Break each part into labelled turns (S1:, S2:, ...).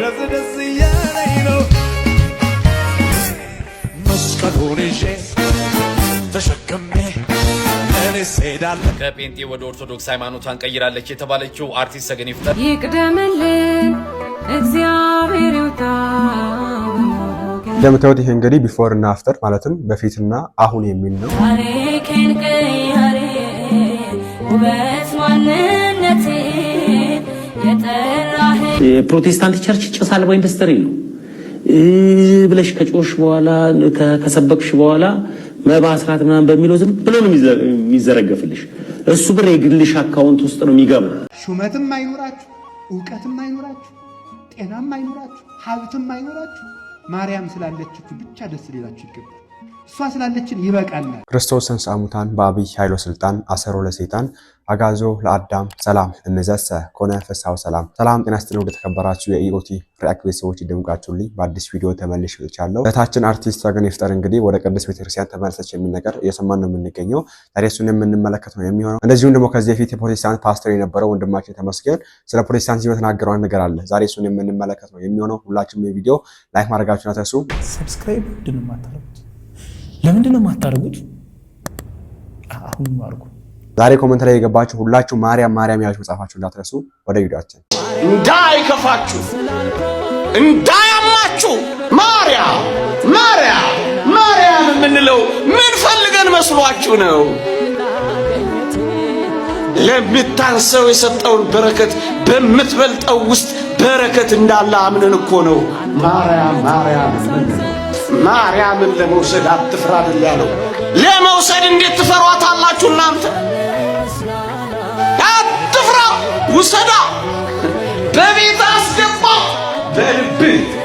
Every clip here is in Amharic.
S1: ደስ ደስ እያለኝ ነው መስቀሉን ይዤ ተሸክሜ ከጴንጤ ወደ ኦርቶዶክስ ሃይማኖቷን ቀይራለች የተባለችው አርቲስት ሰገን ይፍጠር
S2: ይቅደምልን እግዚአብሔር ይውጣ።
S3: እንደምታዩት ይሄ እንግዲህ ቢፎር እና አፍተር ማለትም በፊትና አሁን የሚል
S2: ነው።
S4: የፕሮቴስታንት ቸርች ጭስ አልባ ኢንዱስትሪ ነው ብለሽ ከጮሽ በኋላ ከሰበክሽ በኋላ መባ አስራት ምናምን በሚለው ዝም ብሎ ነው የሚዘረገፍልሽ። እሱ ብር የግልሽ አካውንት ውስጥ ነው የሚገባው።
S5: ሹመትም አይኖራችሁ፣ እውቀትም አይኖራችሁ፣ ጤናም አይኖራችሁ፣ ሀብትም አይኖራችሁ፣ ማርያም ስላለችሁ ብቻ ደስ ሊላችሁ ይገባል። እሷ ስላለችን ይበቃናል።
S3: ክርስቶስን ሳሙታን በአብይ ኃይሎ ስልጣን አሰሮ ለሴጣን አጋዞ ለአዳም ሰላም እምዘሰ ኮነ ፍስሐው ሰላም። ሰላም ጤና ስጥል ወደ ተከበራችሁ የኢኦቲ ሪአክት ቤተሰቦች ይደምቃችሁልኝ። በአዲስ ቪዲዮ ተመልሼ መጥቻለሁ። እህታችን አርቲስት ተገኔ ይፍጠር እንግዲህ ወደ ቅድስት ቤተክርስቲያን ተመልሰች የሚል ነገር እየሰማን ነው የምንገኘው። ታዲያ እሱን የምንመለከት ነው የሚሆነው። እንደዚሁም ደግሞ ከዚህ በፊት የፕሮቴስታንት ፓስተር የነበረው ወንድማችን ተመስገን ስለ ፕሮቴስታንት የተናገረው ነገር አለ። ዛሬ እሱን የምንመለከት ነው የሚሆነው። ሁላችሁም የቪዲዮ ላይክ ማድረጋችሁን አትርሱ።
S5: ሰብስክራይብ ድንማታለ ለምንድን ነው የማታደርጉት? አሁን አድርጉ።
S3: ዛሬ ኮመንት ላይ የገባችሁ ሁላችሁ ማርያም ማርያም ያላችሁ መጽሐፋችሁ እንዳትረሱ። ወደ ቪዲዮአችን
S6: እንዳይከፋችሁ እንዳያማችሁ ማርያም ማርያም ማርያም የምንለው ምን ፈልገን መስሏችሁ ነው? ለምታንሰው የሰጠውን በረከት በምትበልጠው ውስጥ በረከት እንዳለ አምነን እኮ ነው ማርያም ማርያም ማርያምን ለመውሰድ አትፍራ አይደል ያለው። ለመውሰድ እንዴት ትፈሯታላችሁ እናንተ? አትፍራ፣ ውሰዳ፣ በቤት አስገባ። በልብ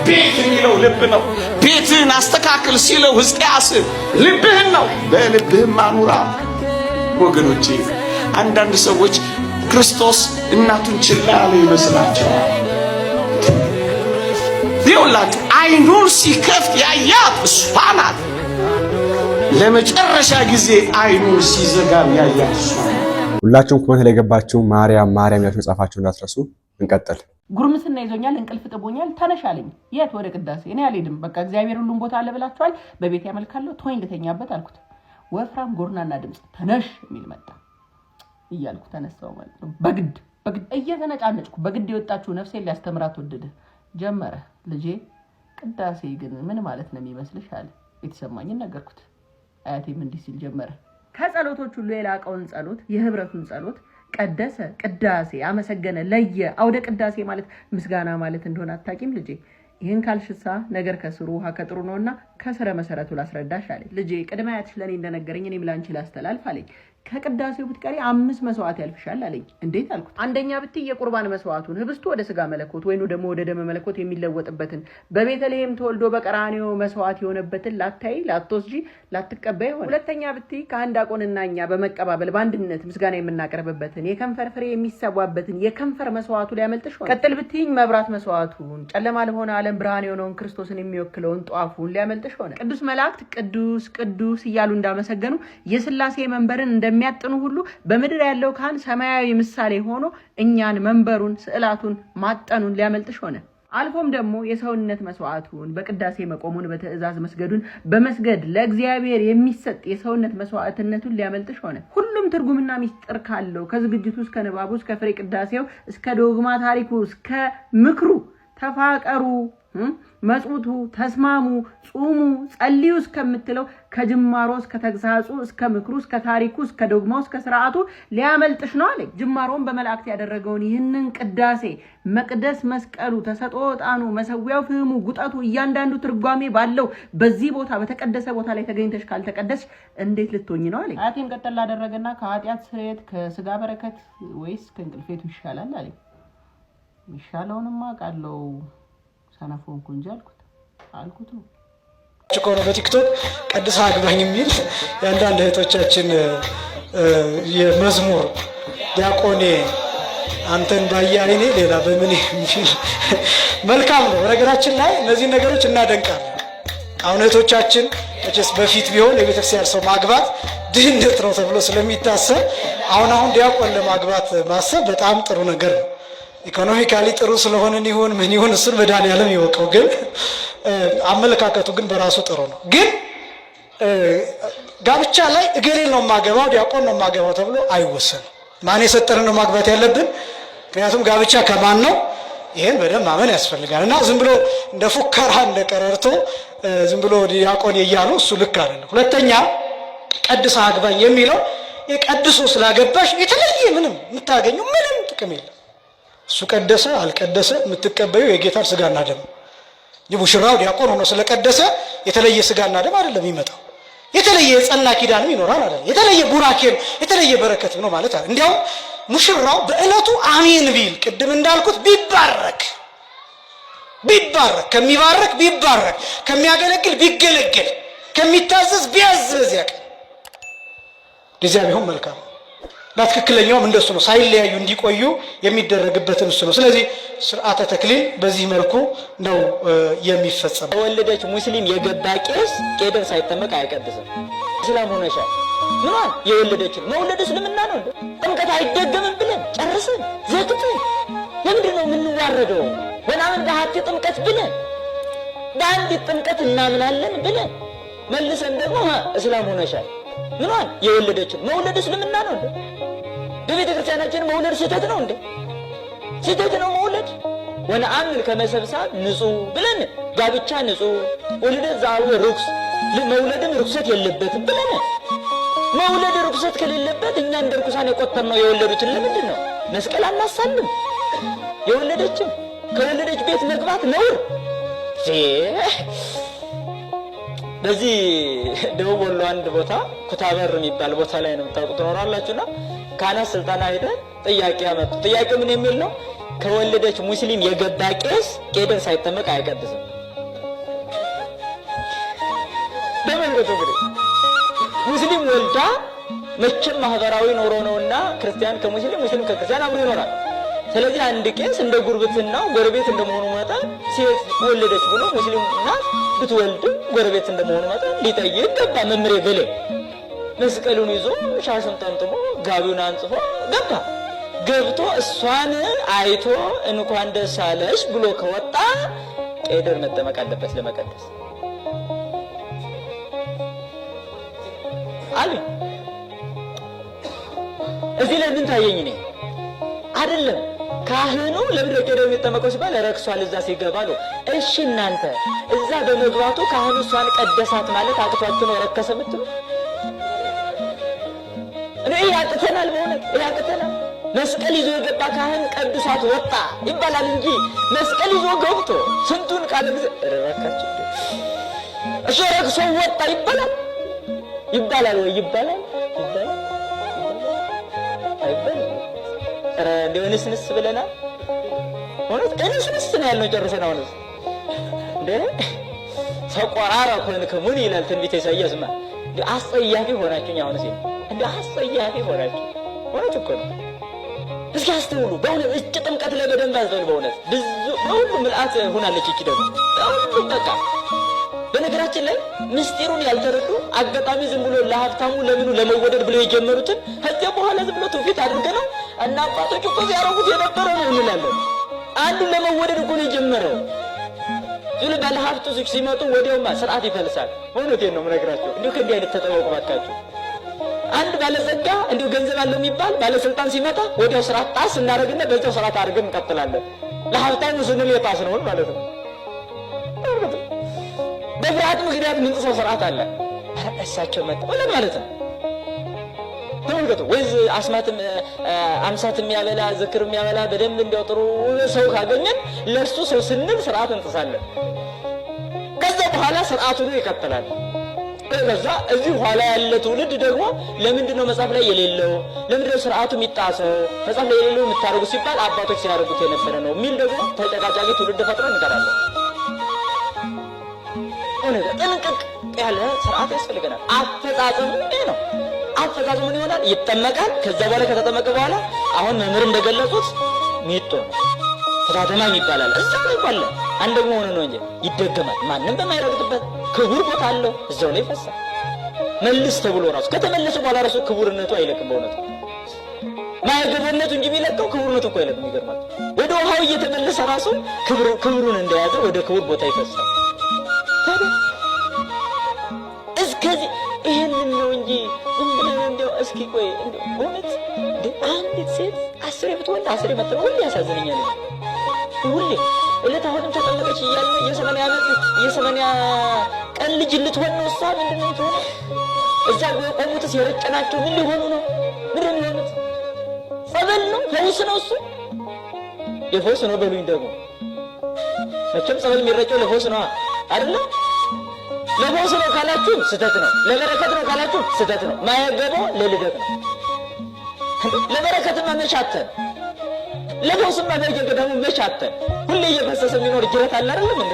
S6: ቤት የሚለው ልብ ነው። ቤትህን አስተካክል ሲለው ሕዝቅያስ ልብህን ነው፣ በልብህም አኑራ። ወገኖቼ አንዳንድ ሰዎች ክርስቶስ እናቱን ችላ ያለ ይመስላቸዋል። ይውላችሁ አይኑን ሲከፍት ያያት እሷ ናት። ለመጨረሻ ጊዜ አይኑን ሲዘጋም ያያት እሷ ናት።
S3: ሁላችሁም ኮመንት ላይ ገባችሁ ማርያም ማርያም ያችሁ መጻፋችሁ እንዳትረሱ። እንቀጥል።
S7: ጉርምስና ይዞኛል፣ እንቅልፍ ጥቦኛል፣ ተነሻለኝ። የት ወደ ቅዳሴ እኔ አልሄድም፣ በቃ እግዚአብሔር ሁሉም ቦታ አለ ብላችኋል፣ በቤት ያመልካለሁ፣ ተወኝ ልተኛበት አልኩት። ወፍራም ጎርናና ድምፅ ተነሽ የሚል መጣ እያልኩ ተነሳው ማለት ነው። በግድ በግድ እየተነጫነጭኩ በግድ የወጣችሁ ነፍሴን ሊያስተምራት ወደደ። ጀመረ። ልጄ ቅዳሴ ግን ምን ማለት ነው የሚመስልሽ? አለ። የተሰማኝን ነገርኩት። አያቴም እንዲህ ሲል ጀመረ። ከጸሎቶች ሁሉ የላቀውን ጸሎት፣ የህብረቱን ጸሎት ቀደሰ፣ ቅዳሴ፣ አመሰገነ፣ ለየ። አውደ ቅዳሴ ማለት ምስጋና ማለት እንደሆነ አታቂም ልጄ? ይህን ካልሽሳ ነገር ከስሩ ውሃ ከጥሩ ነውና ከስረ መሰረቱ ላስረዳሽ አለኝ። ልጄ ቅድመ አያትሽ ለእኔ እንደነገረኝ እኔም ላንቺ ላስተላልፍ አለኝ። ከቅዳሴው ብትቀሪ አምስት መስዋዕት ያልፍሻል አለኝ። እንዴት አልኩት። አንደኛ ብትይ የቁርባን መስዋዕቱን ህብስቱ ወደ ስጋ መለኮት ወይ ደግሞ ወደ ደመ መለኮት የሚለወጥበትን በቤተልሔም ተወልዶ በቀራንዮ መስዋዕት የሆነበትን ላታይ፣ ላትወስጂ፣ ላትቀበይ ሆነ። ሁለተኛ ብትይ ከአንድ አቆንና እኛ በመቀባበል በአንድነት ምስጋና የምናቀርብበትን የከንፈር ፍሬ የሚሰዋበትን የከንፈር መስዋዕቱ ሊያመልጥሽ ሆነ። ቀጥል ብትይኝ መብራት መስዋዕቱን ጨለማ ለሆነ ዓለም ብርሃን የሆነውን ክርስቶስን የሚወክለውን ጧፉን ሊያመልጥሽ ሆነ። ቅዱስ መላእክት ቅዱስ ቅዱስ እያሉ እንዳመሰገኑ የስላሴ መንበርን እንደሚ የሚያጥኑ ሁሉ በምድር ያለው ካህን ሰማያዊ ምሳሌ ሆኖ እኛን መንበሩን፣ ስዕላቱን፣ ማጠኑን ሊያመልጥሽ ሆነ። አልፎም ደግሞ የሰውነት መስዋዕቱን በቅዳሴ መቆሙን በትእዛዝ መስገዱን በመስገድ ለእግዚአብሔር የሚሰጥ የሰውነት መስዋዕትነቱን ሊያመልጥሽ ሆነ። ሁሉም ትርጉምና ሚስጥር ካለው ከዝግጅቱ እስከ ንባቡ እስከ ፍሬ ቅዳሴው እስከ ዶግማ ታሪኩ እስከ ምክሩ ተፋቀሩ መጽውቱ፣ ተስማሙ፣ ጹሙ፣ ጸልዩ እስከምትለው ከጅማሮ እስከ ተግሳጹ እስከ ምክሩ እስከ ታሪኩ እስከ ዶግማው እስከ ስርዓቱ ሊያመልጥሽ ነው አለኝ። ጅማሮን በመላእክት ያደረገውን ይህንን ቅዳሴ መቅደስ፣ መስቀሉ፣ ተሰጦ፣ ዕጣኑ፣ መሰዊያው፣ ፍህሙ፣ ጉጠቱ፣ እያንዳንዱ ትርጓሜ ባለው በዚህ ቦታ በተቀደሰ ቦታ ላይ ተገኝተሽ ካልተቀደስሽ እንዴት ልትሆኝ ነው አለኝ። አያቴም ቀጠል ላደረገና ከኃጢአት ስርየት ከስጋ በረከት ወይስ ከእንቅልፌቱ ይሻላል አለኝ። ይሻለውንማ ቃለው ሰነፍ ሆንኩ እንጂ አልኩት አልኩት ነው
S8: ከሆነ በቲክቶክ ቀድሳ አግባኝ የሚል የአንዳንድ እህቶቻችን የመዝሙር ዲያቆኔ አንተን ባየ አይኔ ሌላ በምን የሚል መልካም ነው። በነገራችን ላይ እነዚህን ነገሮች እናደንቃለን። አሁን እህቶቻችን መቼስ በፊት ቢሆን የቤተክርስቲያን ሰው ማግባት ድህነት ነው ተብሎ ስለሚታሰብ አሁን አሁን ዲያቆን ለማግባት ማሰብ በጣም ጥሩ ነገር ነው። ኢኮኖሚካሊ ጥሩ ስለሆነን ይሁን ምን ይሁን እሱን መድኃኒዓለም ይወቀው። ግን አመለካከቱ ግን በራሱ ጥሩ ነው። ግን ጋብቻ ላይ እገሌን ነው የማገባው ዲያቆን ነው የማገባው ተብሎ አይወሰን። ማን የሰጠን ነው ማግባት ያለብን። ምክንያቱም ጋብቻ ከማን ነው ይህን በደንብ ማመን ያስፈልጋል። እና ዝም ብሎ እንደ ፉከራ እንደ ቀረርቶ ዝም ብሎ ዲያቆን እያሉ እሱ ልክ አለ። ሁለተኛ ቀድሳ አግባኝ የሚለው የቀድሶ ስላገባሽ የተለየ ምንም የምታገኘው ምንም ጥቅም የለም። እሱ ቀደሰ አልቀደሰ የምትቀበዩ የጌታን ስጋና ደም ሙሽራው ዲያቆን ሆኖ ስለቀደሰ የተለየ ስጋና ደም አይደለም የሚመጣው። የተለየ የጸና ኪዳንም ይኖራል አይደለም። የተለየ ቡራኬም የተለየ በረከት ነው ማለት አለ። እንዲያውም ሙሽራው በእለቱ አሜን ቢል ቅድም እንዳልኩት ቢባረክ ቢባረክ ከሚባረክ ቢባረክ ከሚያገለግል ቢገለገል ከሚታዘዝ ቢያዝ በዚያ ቀን ቢሆን መልካም እና ትክክለኛውም እንደሱ ነው። ሳይለያዩ እንዲቆዩ የሚደረግበት እሱ ነው። ስለዚህ ስርዓተ ተክሊል በዚህ መልኩ ነው የሚፈጸመው።
S7: የወለደች ሙስሊም የገባ ቄስ ቄደር ሳይጠመቅ አይቀድስም። እስላም ሆነሻል ምኗን የወለደችን መውለድ እስልምና ነው። ጥምቀት አይደገምም ብለን ጨርስን ዘግተን ለምንድን ነው የምንዋረደው? ምናምን በሀብቴ ጥምቀት ብለን በአንዲት ጥምቀት እናምናለን ብለን መልሰን ደግሞ እስላም ሆነሻል ምኗን የወለደችን መውለድ እስልምና ነው። በቤተ ክርስቲያናችን መውለድ ስህተት ነው እንዴ? ስህተት ነው መውለድ። ወነአምን ከመሰብሳብ ንጹሕ ብለን ጋብቻ ንጹሕ ወልደ ዛሬ ርኩስ መውለድም ርኩሰት የለበትም ብለን መውለድ ርኩሰት ከሌለበት እኛ እንደ ርኩሳን የቆጠርነው የወለዱትን ለምንድን ነው? መስቀል አናሳንም? የወለደችም ከወለደች ቤት መግባት ነውር በዚህ ደቡብ ወሎ አንድ ቦታ ኩታበር የሚባል ቦታ ላይ ነው የምታውቁ ትኖራላችሁና ካህናት ስልጠና ሄደን ጥያቄ ያመጡ። ጥያቄ ምን የሚል ነው? ከወለደች ሙስሊም የገባ ቄስ ቄደን ሳይጠመቅ አይቀድስም። በመንገዱ እንግዲህ ሙስሊም ወልዳ መቼም ማህበራዊ ኖሮ ነውና ክርስቲያን ከሙስሊም ሙስሊም ከክርስቲያን አብሮ ይኖራል። ስለዚህ አንድ ቄስ እንደ ጉርብትናው ጎረቤት እንደመሆኑ መጠን ሴት ወለደች ብሎ ሙስሊም እናት ብትወልድም ጎረቤት እንደመሆኑ መጠን ሊጠይቅ ገባ። መምሬ ገሌ መስቀሉን ይዞ ሻሹን ጠምጥሞ ጋቢውን አንጽፎ ገባ። ገብቶ እሷን አይቶ እንኳን ደስ አለሽ ብሎ ከወጣ ቄደር መጠመቅ አለበት ለመቀደስ አሉኝ። እዚህ ለምን ታየኝ? እኔ አይደለም ካህኑ ለምድረ ሄደው የሚጠመቀው ሲባል ረክሷል፣ እዛ ሲገባ ነው። እሺ እናንተ እዛ በመግባቱ ካህኑ እሷን ቀደሳት ማለት አቅቷችሁ ነው ረከሰ ምትሉ? እኔ ያቅተናል፣ በእውነት ያቅተናል። መስቀል ይዞ የገባ ካህን ቀድሷት ወጣ ይባላል እንጂ መስቀል ይዞ ገብቶ ስንቱን ቃል ጊዜ ረካቸው እሱ ረክሶ ወጣ ይባላል ይባላል ወይ ይባላል እንደው እንስንስ ብለናል። እውነት እንስንስ ነው ያልነው እውነት እንደ ይላል ትንቢተ ኢሳያስማ። እንደ አስጸያፊ ሆናችሁኝ። አሁን ሲል እንደ አስጸያፊ ሆናችሁ። እውነት እኮ ነው። እስኪ አስተውሉ። በእውነት ጥምቀት ላይ በደንብ አስተውሉ። በእውነት ብዙ ምልአት ሆናለች። እቺ ደግሞ በቃ በነገራችን ላይ ምስጢሩን ያልተረዱ አጋጣሚ ዝም ብሎ ለሀብታሙ ለምኑ ለመወደድ ብሎ የጀመሩትን ከዚያ በኋላ ዝም ብሎ ትውፊት አድርገ ነው እና አባቶች እኮ ያረጉት የነበረ ነው እንላለን። አንዱ ለመወደድ እኮ ነው የጀመረው። ዝም ባለሀብቱ ሲመጡ ወዲያውማ ስርዓት ይፈልሳል። በእውነቴን ነው የምነግራቸው። እንዲሁ ከእንዲህ አይነት ተጠበቁ ባካችሁ። አንድ ባለጸጋ እንዲሁ ገንዘብ አለው የሚባል ባለስልጣን ሲመጣ ወዲያው ስርዓት ጣስ እናደርግና በዚያው ስርዓት አድርገን እንቀጥላለን። ለሀብታም ስንል የጣስ ነውን ማለት ነው። በፍርሃት ምክንያት ምንጥሰው ስርዓት አለ። እሳቸው መጣ ማለት ነው ተመልከቱ። ወይ አስማትም አምሳትም ያበላ ዝክር የሚያበላ በደንብ እንዲያው ጥሩ ሰው ካገኘን ለሱ ሰው ስንል ስርዓት እንጥሳለን። ከዛ በኋላ ነው ይከተላል። ከዛ እዚህ ኋላ ያለ ትውልድ ደግሞ ለምንድን ነው መጽሐፍ ላይ የሌለው ለምንድን ነው ስርዓቱ የሚጣሰው መጽሐፍ ላይ የሌለው የምታደርጉ ሲባል አባቶች ሲያደርጉት የነበረ ነው የሚል ደግሞ ተጨቃጫቂ ትውልድ ፈጥሮ እንቀራለን። ጥንቅቅ ያለ ስርዓት ያስፈልገናል። አፈጻጸሙ ነው አፈዛዙ ምን ይሆናል? ይጠመቃል። ከዛ በኋላ ከተጠመቀ በኋላ አሁን መምህር እንደገለጹት ሚጦ ተዳደማኝ ይባላል። እዛ ላይ ባለ አንድ ደግሞ ነው እንጂ ይደገማል። ማንም በማይረግጥበት ክቡር ቦታ አለው፣ እዛው ላይ ይፈሳል። መልስ ተብሎ ራሱ ከተመለሰ በኋላ ራሱ ክቡርነቱ አይለቅም። በእውነቱ ማያገባነቱ እንጂ የሚለቀው ክቡርነቱ እኮ አይለቅም። ይገርማል። ወደ ውሃው እየተመለሰ ራሱ ክብሩን እንደያዘ ወደ ክቡር ቦታ ይፈሳል። እስኪ ቆይ እውነት አንዲት ሴት አስሬ ብትወልድ አስሬ መጥለው ሁሌ ያሳዝነኛል። ሁሌ እለት አሁንም ተጠመቀች እያለ የሰማንያ ዓመት የሰማንያ ቀን ልጅ ልትሆን ነው። እሷ ምንድን ነው ትሆነ? እዛ የቆሙትስ የረጨናቸው ምን ሊሆኑ ነው? ምንድን ሊሆኑት? ጸበል ነው ፈውስ ነው እሱ የፈውስ ነው በሉኝ። ደግሞ መቼም ጸበል የሚረጨው ለፈውስ ነው አይደለም ለቦስ ነው ካላችሁ ስህተት ነው። ለበረከት ነው ካላችሁ ስህተት ነው። ማያገባው ለልደት ነው። ለበረከት ለበረከትማ መቻተን ለቦስማ ደግሞ መቻተን ሁሌ እየፈሰሰ የሚኖር ጅረት አለ አይደለም እንዴ?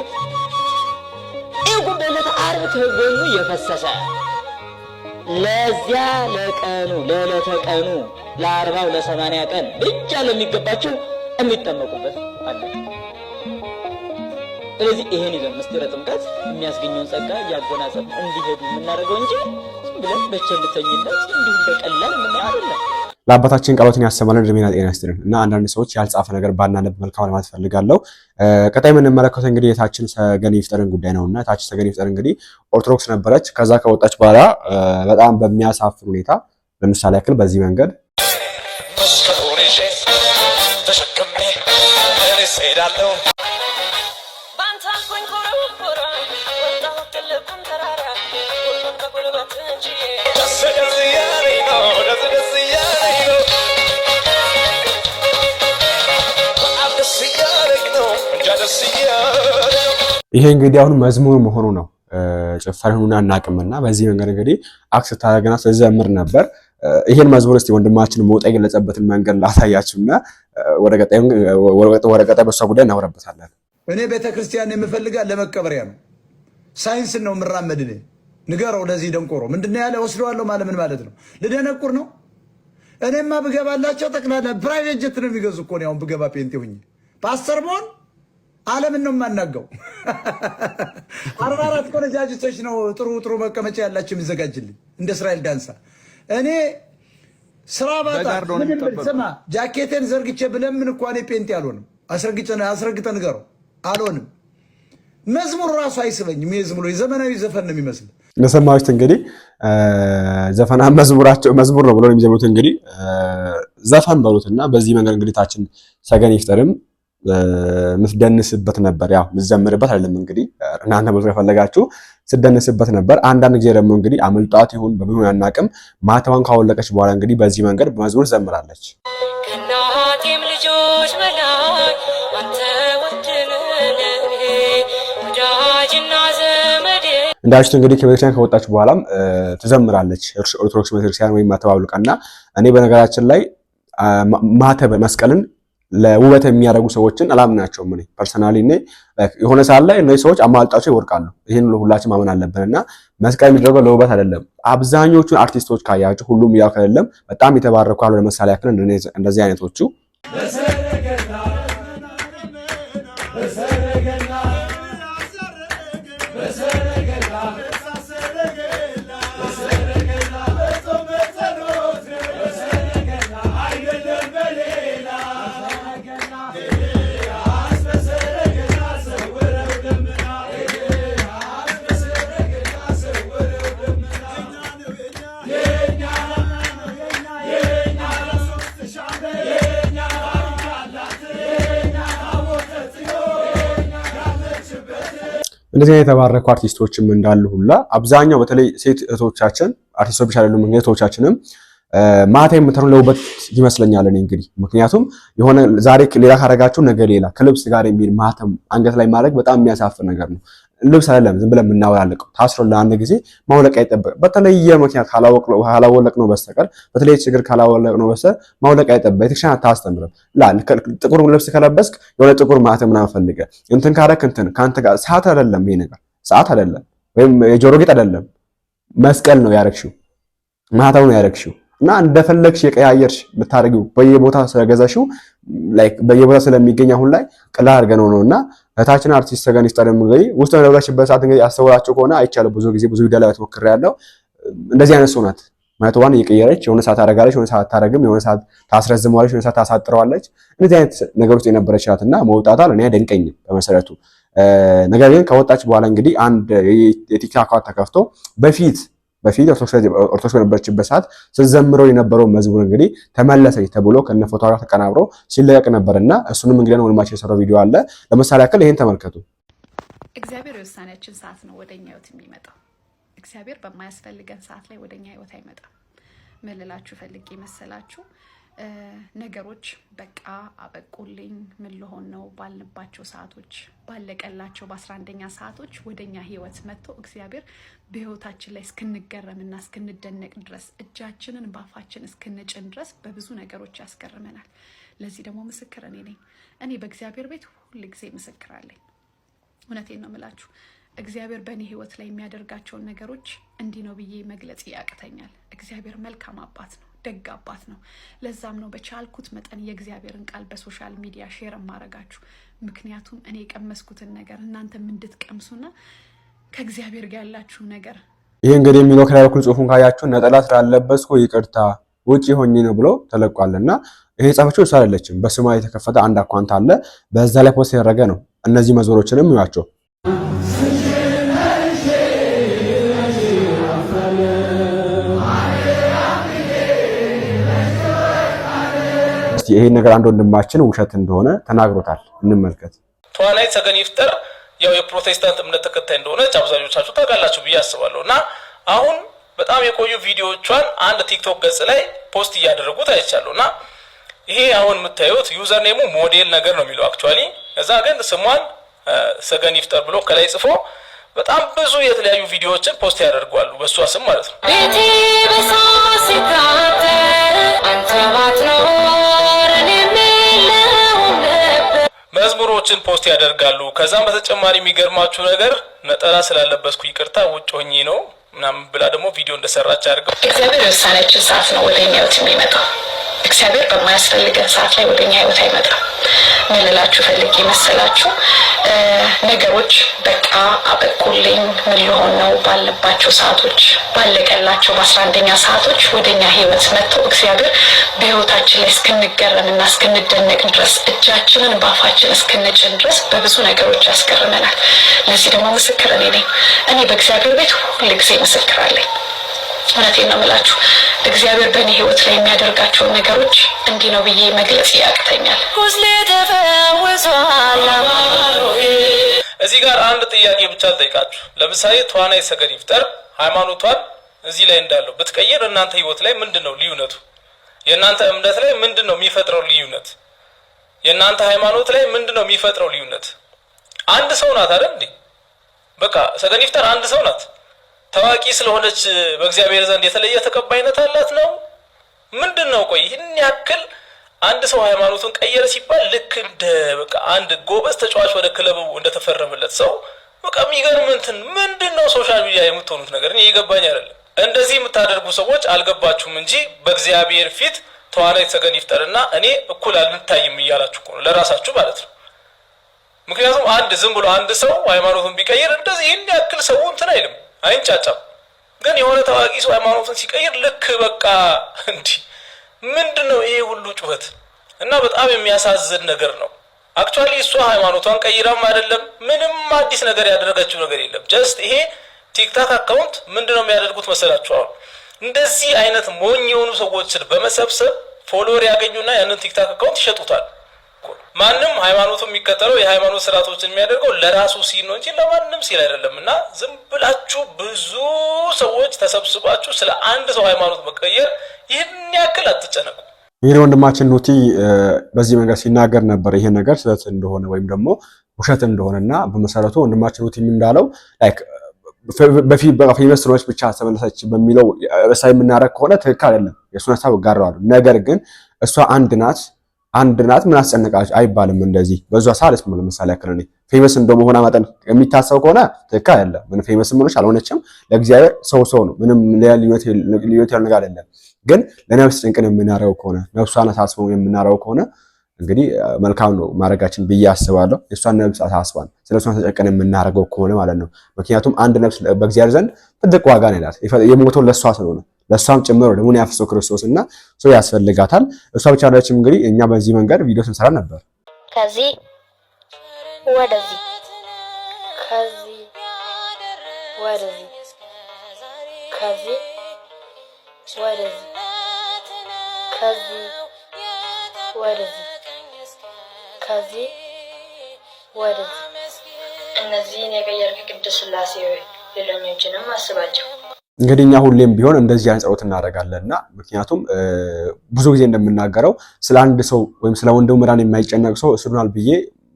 S7: ይህ ጉዳይ ዕለተ ዓርብ ከጎኑ እየፈሰሰ ለዚያ ለቀኑ ለዕለተ ቀኑ ለአርባው ለሰማንያ ቀን ብቻ ለሚገባቸው የሚጠመቁበት አለ። ስለዚህ ይሄን ይዘን ምስጢረ ጥምቀት የሚያስገኘውን ጸጋ እያጎናጸፍ እንዲሄዱ የምናደርገው እንጂ ዝም ብለን በቸልተኝነት እንዲሁም በቀላል የምናየው አይደለም።
S3: ለአባታችን ቃሎትን ያሰማልን እድሜና ጤና ይስጥልን። እና አንዳንድ ሰዎች ያልጻፈ ነገር ባናነብ መልካም ለማለት ፈልጋለሁ። ቀጣይ የምንመለከተው እንግዲህ የታችን ሰገን ይፍጠርን ጉዳይ ነው እና የታችን ሰገን ይፍጠር እንግዲህ ኦርቶዶክስ ነበረች። ከዛ ከወጣች በኋላ በጣም በሚያሳፍር ሁኔታ ለምሳሌ ያክል በዚህ መንገድ ይሄ እንግዲህ አሁን መዝሙር መሆኑ ነው። ጭፈራውን አናቅምና በዚህ መንገድ እንግዲህ አክስ ታደርገና ስለዘምር ነበር። ይሄን መዝሙር እስቲ ወንድማችን ሞጣ የገለጸበትን መንገድ ላሳያችሁና ወደ ቀጣይ በሷ ጉዳይ እናወራበታለን።
S9: እኔ ቤተክርስቲያን የምፈልጋ ለመቀበሪያ ነው። ሳይንስ ነው የምራመድ። እኔ ንገረው ለዚህ ደንቆሮ ምንድነው ያለ ወስደዋለሁ ማለት ምን ማለት ነው? ልደነቁር ነው። እኔማ ብገባላቸው ጠቅላላ ፕራይቬት ጀት ነው የሚገዙ እኮ እኔ አሁን ብገባ ጴንጤ ሁኜ ፓስተር መሆን ዓለምን ነው የማናገው። አርባ አራት ቆነጃጅቶች ነው ጥሩ ጥሩ መቀመጫ ያላቸው የሚዘጋጅልኝ እንደ እስራኤል ዳንሳ። እኔ ስራ ባጣ ስማ፣ ጃኬቴን ዘርግቼ ብለምን እኮ እኔ ጴንጤ አልሆንም። አስረግጠ ንገረው አልሆንም። መዝሙር ራሱ አይስበኝም። የዝሙሎ የዘመናዊ ዘፈን ነው የሚመስል
S3: ለሰማዎች እንግዲህ ዘፈና መዝሙራቸው መዝሙር ነው ብሎ የሚዘምሩት እንግዲህ ዘፈን በሉትና በዚህ መንገድ እንግዲህ ታችን ሰገን ይፍጠርም ምትደንስበት ነበር። ያው ምዘምርበት አይደለም እንግዲህ እናንተ ብዙ ከፈለጋችሁ ስደንስበት ነበር። አንዳንድ ጊዜ ደግሞ እንግዲህ አመልጧት ይሁን በብዙ አናቅም፣ ማተዋን ካወለቀች በኋላ እንግዲህ በዚህ መንገድ በመዝሙር ዘምራለች። ከናቴም ልጆች በላይ አንተ እንዳችሁት እንግዲህ ከቤተክርስቲያን ከወጣች በኋላም ትዘምራለች ኦርቶዶክስ ቤተክርስቲያን ወይም ማተብ አውልቃና እኔ በነገራችን ላይ ማተብ መስቀልን ለውበት የሚያደርጉ ሰዎችን አላምናቸውም። እኔ ፐርሰናሊ እኔ የሆነ ሰዓት ላይ እነዚህ ሰዎች አማልጣቸው ይወርቃሉ። ይህን ሁላችን ማመን አለብን እና መስቀል የሚደረገው ለውበት አይደለም። አብዛኞቹን አርቲስቶች ካያቸው ሁሉም እያልኩ አይደለም፣ በጣም የተባረኩ አሉ። ለምሳሌ ያክል እንደዚህ አይነቶቹ እንደዚህ አይነት የተባረኩ አርቲስቶችም እንዳሉ ሁላ አብዛኛው በተለይ ሴት እህቶቻችን አርቲስቶች ብቻ አይደሉም እንግዲህ እህቶቻችንም ማታ የምትሆኑ ለውበት ይመስለኛል። እኔ እንግዲህ ምክንያቱም የሆነ ዛሬ ሌላ ካረጋችሁ ነገ ሌላ ከልብስ ጋር የሚል ማተም አንገት ላይ ማድረግ በጣም የሚያሳፍር ነገር ነው። ልብስ አይደለም ዝም ብለን የምናወላልቀው። ታስሮ ለአንድ ጊዜ ማውለቅ አይጠበቅም። በተለየ ምክንያት ካላወለቅ ነው በስተቀር በተለየ ችግር ካላወለቅ ነው በስተቀር ማውለቅ አይጠበቅም። ቤተክርስቲያን አታስተምርም። ጥቁር ልብስ ከለበስክ የሆነ ጥቁር ማተም ምናምን ፈልገህ እንትን ካረክ እንትን ከአንተ ጋር ሰዓት አይደለም፣ ይሄ ነገር ሰዓት አይደለም፣ ወይም የጆሮ ጌጥ አይደለም። መስቀል ነው ያረግሽው፣ ማህተም ነው ያረግሽው እና እንደፈለግሽ የቀያየርሽ ብታደርጊው በየቦታ ስለገዛሽው በየቦታ ስለሚገኝ አሁን ላይ ቅላ አድርገህ ነው እና እታችን አርቲስት ሰገኒስ ይስጠር እንግዲህ ውስጥ በነበረችበት ሰዓት እንግዲህ አስተውላቸው ከሆነ አይቻለሁ። ብዙ ጊዜ ብዙ ቪዲዮ ላይ ሞክሬ ያለው እንደዚህ አይነት ሰው ናት። ዋን እየቀየረች የሆነ ሰዓት አደርጋለች፣ የሆነ ሰዓት ታረግም፣ የሆነ ሰዓት ታስረዝመዋለች፣ የሆነ ሰዓት ታሳጥረዋለች። እንደዚህ አይነት ነገር ውስጥ የነበረች ናት እና መውጣቷን እኔ አይደንቀኝም በመሰረቱ። ነገር ግን ከወጣች በኋላ እንግዲህ አንድ የቲክታክ ተከፍቶ በፊት በፊት ኦርቶዶክስ በነበረችበት ሰዓት ስዘምረው የነበረው መዝሙር እንግዲህ ተመለሰች ተብሎ ከነ ፎቶግራፍ ጋር ተቀናብሮ ሲለቀቅ ነበር እና እሱንም እንግዲህ ወንድማችን የሰራው ቪዲዮ አለ። ለምሳሌ ያክል ይሄን ተመልከቱ።
S10: እግዚአብሔር የውሳኔያችን ሰዓት ነው ወደ እኛ ህይወት የሚመጣው። እግዚአብሔር በማያስፈልገን ሰዓት ላይ ወደ ህይወት አይመጣም። ምን ፈልጌ መሰላችሁ? ነገሮች በቃ አበቁልኝ ምን ልሆን ነው ባልንባቸው ሰዓቶች ባለቀላቸው በአስራ ሰዓቶች ወደኛ ህይወት መጥቶ እግዚአብሔር በህይወታችን ላይ እስክንገረምና እስክንደነቅ ድረስ እጃችንን ባፋችን እስክንጭን ድረስ በብዙ ነገሮች ያስገርመናል። ለዚህ ደግሞ ምስክር እኔ ነኝ። እኔ በእግዚአብሔር ቤት ሁል ጊዜ ምስክር አለኝ። እውነቴን ነው የምላችሁ። እግዚአብሔር በእኔ ህይወት ላይ የሚያደርጋቸውን ነገሮች እንዲህ ነው ብዬ መግለጽ ያቅተኛል። እግዚአብሔር መልካም አባት ነው። ደግ አባት ነው። ለዛም ነው በቻልኩት መጠን የእግዚአብሔርን ቃል በሶሻል ሚዲያ ሼር ማረጋችሁ። ምክንያቱም እኔ የቀመስኩትን ነገር እናንተም እንድትቀምሱና ከእግዚአብሔር ጋር ያላችሁ ነገር
S3: ይህ እንግዲህ የሚለው ከላልኩ ጽሁፉን ካያችሁ ነጠላ ስላለበስኩ ይቅርታ ውጭ ሆኜ ነው ብሎ ተለቋል። እና ይሄ የጻፈችው እሷ አይደለችም። በስሟ የተከፈተ አንድ አኳንት አለ። በዛ ላይ ፖስት ያደረገ ነው። እነዚህ መዞሮችንም ይዋቸው። እስቲ ይሄን ነገር አንድ ወንድማችን ውሸት እንደሆነ ተናግሮታል፣ እንመልከት።
S1: ተዋናይ ሰገን ይፍጠር ያው የፕሮቴስታንት እምነት ተከታይ እንደሆነ አብዛኞቻችሁ ታውቃላችሁ ብዬ አስባለሁ እና አሁን በጣም የቆዩ ቪዲዮዎቿን አንድ ቲክቶክ ገጽ ላይ ፖስት እያደረጉት አይቻለሁ እና ይሄ አሁን የምታዩት ዩዘር ሞዴል ነገር ነው የሚለው አክቹዋሊ። እዛ ግን ስሟን ሰገን ይፍጠር ብሎ ከላይ ጽፎ በጣም ብዙ የተለያዩ ቪዲዮዎችን ፖስት ያደርጓሉ በእሷ ስም ማለት ነው። መዝሙሮችን ፖስት ያደርጋሉ። ከዛም በተጨማሪ የሚገርማችሁ ነገር ነጠላ ስላለበስኩ ይቅርታ ውጭ ሆኜ ነው ምናምን ብላ ደግሞ ቪዲዮ እንደሰራች አድርገው
S10: እግዚአብሔር የወሳነችን ሰዓት ነው ወደ እኛ ህይወት የሚመጣው። እግዚአብሔር በማያስፈልገን ሰዓት ላይ ወደ እኛ ህይወት አይመጣም። ምን ልላችሁ ፈልጌ ነገሮች በቃ አበቁልኝ ምን ልሆን ነው ባለባቸው ሰዓቶች ባለቀላቸው በአስራ አንደኛ ሰዓቶች ወደ እኛ ህይወት መጥቶ እግዚአብሔር በህይወታችን ላይ እስክንገረምና እስክንደነቅ ድረስ እጃችንን በአፋችን እስክንጭን ድረስ በብዙ ነገሮች ያስገርመናል። ለዚህ ደግሞ ምስክር እኔ ነኝ። እኔ በእግዚአብሔር ቤት ሁል ጊዜ ምስክራለኝ። እውነቴን ነው የምላችሁ እግዚአብሔር በእኔ ህይወት ላይ የሚያደርጋቸውን ነገሮች እንዲህ ነው ብዬ መግለጽ ያቅተኛል።
S1: እዚህ ጋር አንድ ጥያቄ ብቻ ልጠይቃችሁ። ለምሳሌ ተዋናይ ሰገድ ይፍጠር ሃይማኖቷን እዚህ ላይ እንዳለው ብትቀይር እናንተ ህይወት ላይ ምንድን ነው ልዩነቱ? የእናንተ እምነት ላይ ምንድን ነው የሚፈጥረው ልዩነት? የእናንተ ሃይማኖት ላይ ምንድን ነው የሚፈጥረው ልዩነት? አንድ ሰው ናት አይደል እንዴ? በቃ ሰገድ ይፍጠር አንድ ሰው ናት። ታዋቂ ስለሆነች በእግዚአብሔር ዘንድ የተለየ ተቀባይነት አላት ነው ምንድን ነው? ቆይ ይህን ያክል አንድ ሰው ሃይማኖቱን ቀየረ ሲባል ልክ እንደ በቃ አንድ ጎበዝ ተጫዋች ወደ ክለቡ እንደተፈረመለት ሰው በቃ የሚገርም እንትን ምንድን ነው ሶሻል ሚዲያ የምትሆኑት ነገር እኔ ይገባኝ አይደለም። እንደዚህ የምታደርጉ ሰዎች አልገባችሁም እንጂ በእግዚአብሔር ፊት ተዋናይ ተገን ይፍጠርና እኔ እኩል አልንታይም እያላችሁ እኮ ነው ለራሳችሁ ማለት ነው። ምክንያቱም አንድ ዝም ብሎ አንድ ሰው ሃይማኖቱን ቢቀይር እንደዚህ ይህን ያክል ሰው እንትን አይልም። አይንጫጫም። ግን የሆነ ታዋቂ ሰው ሃይማኖትን ሲቀይር ልክ በቃ እንዲ ምንድን ነው ይሄ ሁሉ ጩኸት? እና በጣም የሚያሳዝን ነገር ነው። አክቹዋሊ እሷ ሃይማኖቷን ቀይራም አይደለም ምንም አዲስ ነገር ያደረገችው ነገር የለም። ጀስት ይሄ ቲክታክ አካውንት ምንድነው የሚያደርጉት መሰላችኋል? እንደዚህ አይነት ሞኝ የሆኑ ሰዎችን በመሰብሰብ ፎሎወር ያገኙና ያንን ቲክታክ አካውንት ይሸጡታል። እኩል ማንም ሃይማኖቱ የሚከተለው የሃይማኖት ስርዓቶችን የሚያደርገው ለራሱ ሲል ነው እንጂ ለማንም ሲል አይደለም። እና ዝም ብላችሁ ብዙ ሰዎች ተሰብስባችሁ ስለ አንድ ሰው ሃይማኖት መቀየር ይህን ያክል አትጨነቁ።
S3: እንግዲህ ወንድማችን ኑቲ በዚህ መንገድ ሲናገር ነበር። ይሄ ነገር ስህተት እንደሆነ ወይም ደግሞ ውሸት እንደሆነ እና በመሰረቱ ወንድማችን ኑቲ እንዳለው በፌመስ ስለሆነች ብቻ ተመለሰች በሚለው እሳ የምናደረግ ከሆነ ትክክል አይደለም። የእሱን ሀሳብ እጋራዋለሁ። ነገር ግን እሷ አንድ ናት አንድ ናት ምን አስጨነቃች አይባልም። እንደዚህ በዛ ሳልስ ነው ለምሳሌ ያክል ፌመስ እንደመሆኗ መጠን የሚታሰብ ከሆነ ትክክል አይደለም። ምን ፌመስ ምን አልሆነችም፣ ለእግዚአብሔር ሰው ሰው ነው። ምንም ልዩነት ያለው ነገር አይደለም። ግን ለነፍስ ጭንቅን የምናረው ከሆነ ነፍሷን አሳስበው የምናረው ከሆነ እንግዲህ መልካም ነው ማድረጋችን ብዬ አስባለሁ። የእሷን ነፍስ አሳስባን ስለ እሷን ተጨቀን የምናረገው ከሆነ ማለት ነው። ምክንያቱም አንድ ነፍስ በእግዚአብሔር ዘንድ ትልቅ ዋጋ ነው ያላት የሞተው ለእሷ ስለሆነ ለእሷም ጭምር ደሙን ያፈሰው ክርስቶስ እና ሰው ያስፈልጋታል። እሷ ብቻ አይደለችም። እንግዲህ እኛ በዚህ መንገድ ቪዲዮ ስንሰራ ነበር።
S11: ከዚህ ወደዚህ ከዚህ ወደዚህ ከዚህ ወደዚህ ከዚህ ወደዚህ ከዚህ ወደዚህ እነዚህን የቀየርክ ቅዱስ ሥላሴ ሌሎኞችንም አስባቸው።
S3: እንግዲህ እኛ ሁሌም ቢሆን እንደዚህ አይነት ጸሎት እናደርጋለን እናደርጋለንና ምክንያቱም ብዙ ጊዜ እንደምናገረው ስለ አንድ ሰው ወይም ስለ ወንድሙ መዳን የማይጨነቅ ሰው እስሩናል ብዬ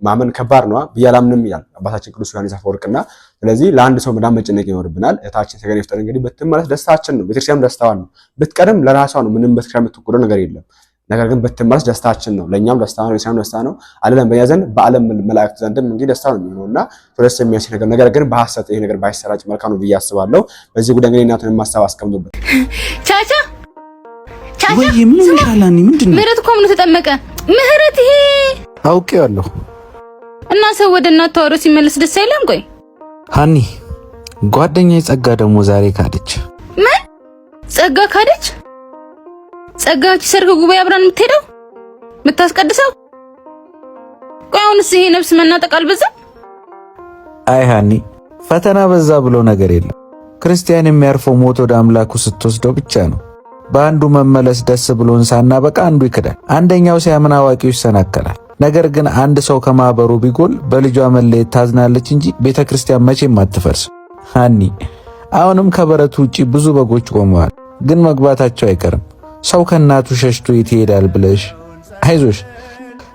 S3: ማመን ከባድ ነዋ ብዬ አላምንም ይላል አባታችን ቅዱስ ዮሐንስ አፈወርቅና ስለዚህ ለአንድ ሰው መዳን መጨነቅ ይኖርብናል። እህታችን ተገን ይፍጠር እንግዲህ ብትመለስ ደስታችን ነው፣ ቤተክርስቲያን ደስታዋን ነው። ብትቀርም ለራሷ ነው። ምንም ቤተክርስቲያን የምትቆደው ነገር የለም። ነገር ግን ብትመለስ ደስታችን ነው፣ ለእኛም ደስታ ነው፣ ለእስራኤል ደስታ ነው አለለም። በእኛ ዘንድ በአለም መላእክት ዘንድም እንግዲህ ደስታ ነው የሚሆነው እና ደስ የሚያስኝ ነገር ነገር ግን በሐሰት ይሄ ነገር ባይሰራጭ መልካም ነው ብዬ አስባለሁ። በዚህ ጉዳይ ግን እናንተን ማሳብ አስቀምጡበት።
S12: ቻቻ ቻቻ ምን ካላኒ ምንድን ነው ምህረት እኮ ምኑ ተጠመቀ ምህረት ይሄ አውቄዋለሁ እና ሰው ወደ እናት ተዋውሮ ሲመለስ ደስ አይለም። ቆይ
S13: ሀኒ ጓደኛዬ ጸጋ ደግሞ ዛሬ ካደች።
S12: ምን ጸጋ ካደች? ጸጋች ሰርግ ጉባኤ አብረን የምትሄደው የምታስቀድሰው? ቆይ አሁንስ ይሄ ነፍስ መናጠቅ አልበዛም?
S13: አይ ሃኒ ፈተና በዛ ብሎ ነገር የለም። ክርስቲያን የሚያርፈው ሞት ወደ አምላኩ ስትወስደው ብቻ ነው። በአንዱ መመለስ ደስ ብሎን ሳናበቃ አንዱ ይክዳል፣ አንደኛው ሲያምን አዋቂው ይሰናከላል። ነገር ግን አንድ ሰው ከማህበሩ ቢጎል በልጇ መለየት ታዝናለች እንጂ ቤተ ክርስቲያን መቼም አትፈርስም። ሃኒ አሁንም ከበረቱ ውጪ ብዙ በጎች ቆመዋል፣ ግን መግባታቸው አይቀርም። ሰው ከእናቱ ሸሽቶ የት ይሄዳል ብለሽ አይዞሽ፣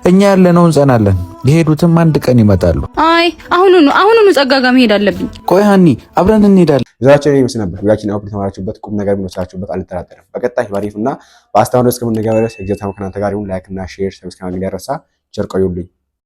S13: እኛ ያለነው እንጸናለን። የሄዱትም አንድ ቀን ይመጣሉ።
S12: አይ አሁኑኑ አሁኑኑ ጸጋ ጋር መሄድ አለብኝ።
S13: ቆይ ሀኒ፣ አብረን እንሄዳለን።
S3: ዛቸው ይመስል ነበር። ሁላችን አውቅ የተማራችሁበት ቁም ነገር የምንወስዳችሁበት አንጠራጠርም። በቀጣይ ባሪፍ እና በአስተማሪ እስከምንገባ ድረስ እግዚአብሔር ከእናንተ ጋር ይሁን። ላይክ እና ሼር፣ ሰብስክራይብ ያረሳ ቸር ቆዩልኝ።